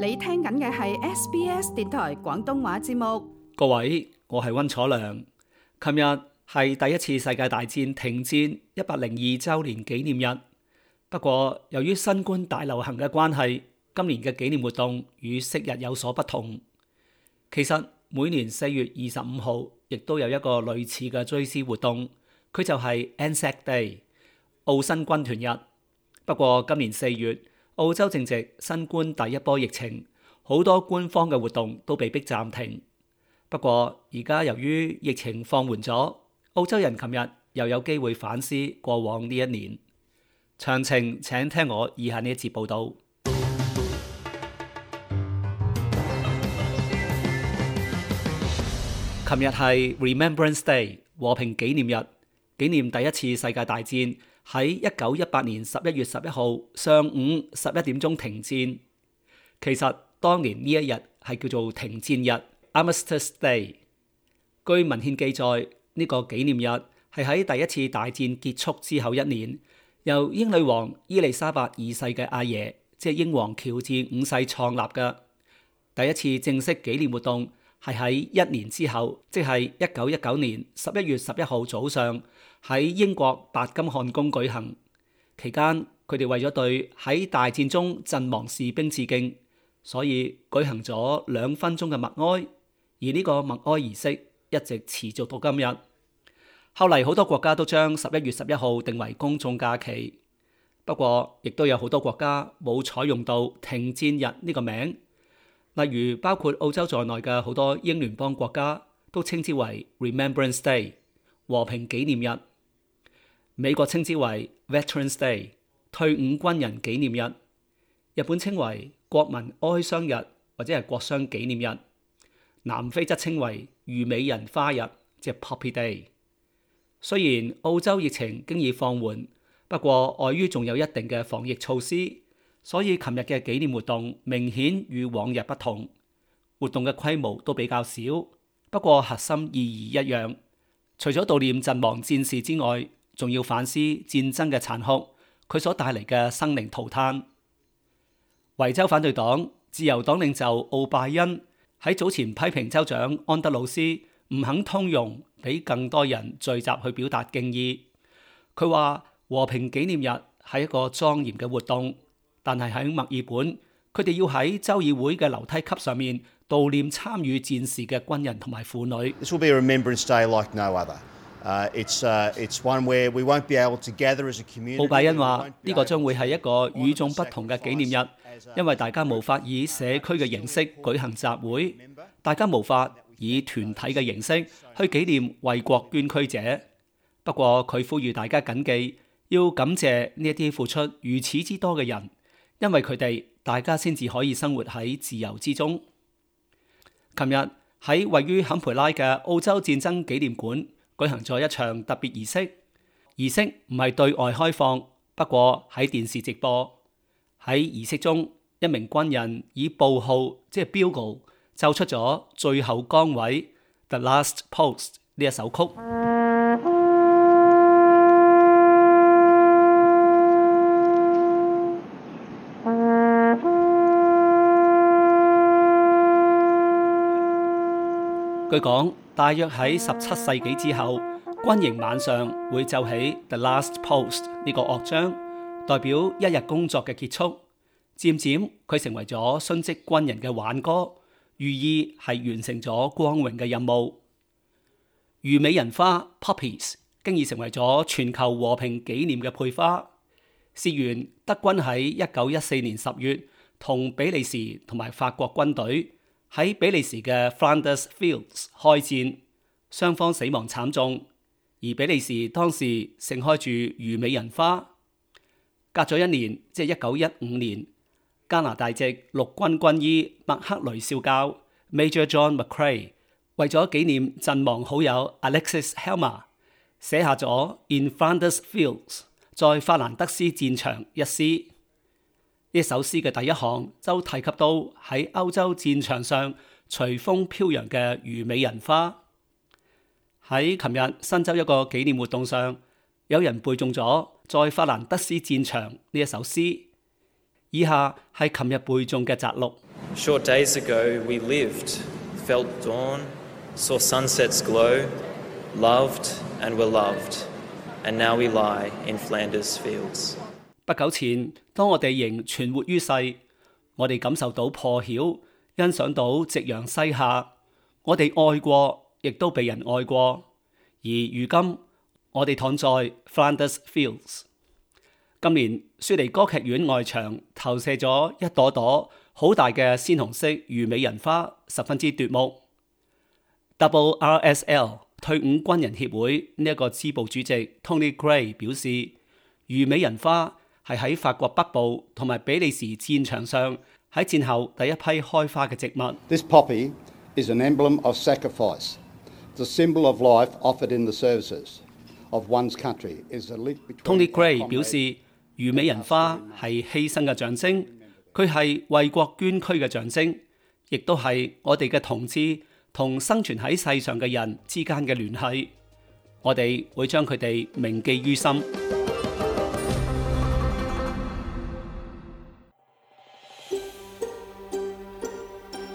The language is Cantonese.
你聽緊嘅係 SBS 電台廣東話節目。各位，我係溫楚良。琴日係第一次世界大戰停戰一百零二周年紀念日。不過由於新冠大流行嘅關係，今年嘅紀念活動與昔日有所不同。其實每年四月二十五號亦都有一個類似嘅追思活動，佢就係 Anzac Day，澳新軍團日。不過今年四月。澳洲正值新冠第一波疫情，好多官方嘅活動都被迫暫停。不過而家由於疫情放緩咗，澳洲人琴日又有機會反思過往呢一年。詳情，請聽我以下呢一節報道。琴 日係 Remembrance Day 和平紀念日，紀念第一次世界大戰。喺一九一八年十一月十一號上午十一點鐘停戰。其實當年呢一日係叫做停戰日 a m s t i c e Day）。據文獻記載，呢、這個紀念日係喺第一次大戰結束之後一年，由英女王伊麗莎白二世嘅阿爺，即係英皇喬治五世創立嘅第一次正式紀念活動。係喺一年之後，即係一九一九年十一月十一號早上，喺英國白金漢宮舉行。期間，佢哋為咗對喺大戰中陣亡士兵致敬，所以舉行咗兩分鐘嘅默哀。而呢個默哀儀式一直持續到今日。後嚟好多國家都將十一月十一號定為公眾假期，不過亦都有好多國家冇採用到停戰日呢個名。例如包括澳洲在內嘅好多英聯邦國家都稱之為 Remembrance Day 和平紀念日，美國稱之為 Veterans Day 退伍軍人紀念日，日本稱為國民哀傷日或者係國傷紀念日，南非則稱為虞美人花日即 Poppy Day。雖然澳洲疫情經已放緩，不過礙於仲有一定嘅防疫措施。所以琴日嘅紀念活動明顯與往日不同，活動嘅規模都比較少。不過核心意義一樣，除咗悼念陣亡戰士之外，仲要反思戰爭嘅殘酷，佢所帶嚟嘅生靈塗炭。維州反對黨自由黨領袖奧拜恩喺早前批評州長安德魯斯唔肯通融，俾更多人聚集去表達敬意。佢話和平紀念日係一個莊嚴嘅活動。但係喺墨爾本，佢哋要喺州議會嘅樓梯級上面悼念參與戰事嘅軍人同埋婦女。This will be a remembrance day like no other. It's it's one where we won't be able to gather as a community. 布拜恩話：呢個將會係一個與眾不同嘅紀念日，因為大家無法以社區嘅形式舉行集會，大家無法以團體嘅形式去紀念為國捐軀者。不過佢呼籲大家緊記要感謝呢一啲付出如此之多嘅人。因為佢哋，大家先至可以生活喺自由之中。琴日，喺位於坎培拉嘅澳洲戰爭紀念館舉行咗一場特別儀式。儀式唔係對外開放，不過喺電視直播。喺儀式中，一名軍人以報號，即係標告，奏出咗最後崗位 The Last Post 呢一首曲。據講，大約喺十七世紀之後，軍營晚上會奏起《The Last Post》呢個樂章，代表一日工作嘅結束。漸漸，佢成為咗殉職軍人嘅挽歌，寓意係完成咗光榮嘅任務。虞美人花 Poppies 經已成為咗全球和平紀念嘅配花。事緣，德軍喺一九一四年十月同比利時同埋法國軍隊。喺比利時嘅 Flanders Fields 開戰，雙方死亡慘重，而比利時當時盛開住虞美人花。隔咗一年，即係一九一五年，加拿大籍陸軍軍醫麥克雷少校 （Major John m c c r a y 為咗紀念陣亡好友 Alexis Helmer，寫下咗 In Flanders Fields，在法蘭德斯戰場一詩。呢首詩嘅第一行就提及到喺歐洲戰場上隨風飄揚嘅虞美人花。喺琴日新州一個紀念活動上，有人背誦咗在法蘭德斯戰場呢一首詩。以下係琴日背誦嘅摘錄。 不久前，當我哋仍存活於世，我哋感受到破曉，欣賞到夕陽西下，我哋愛過，亦都被人愛過。而如今，我哋躺在 Flanders Fields。今年，雪梨歌劇院外牆投射咗一朵朵好大嘅鮮紅色虞美人花，十分之奪目。WRSL 退伍軍人協會呢一個支部主席 Tony Gray 表示，虞美人花。係喺法國北部同埋比利時戰場上，喺戰後第一批開花嘅植物。This poppy is an emblem of sacrifice, the symbol of life offered in the services of one's country. Tony Gray 表示，虞美人花係犧牲嘅象徵，佢係為國捐軀嘅象徵，亦都係我哋嘅同志同生存喺世上嘅人之間嘅聯繫。我哋會將佢哋銘記於心。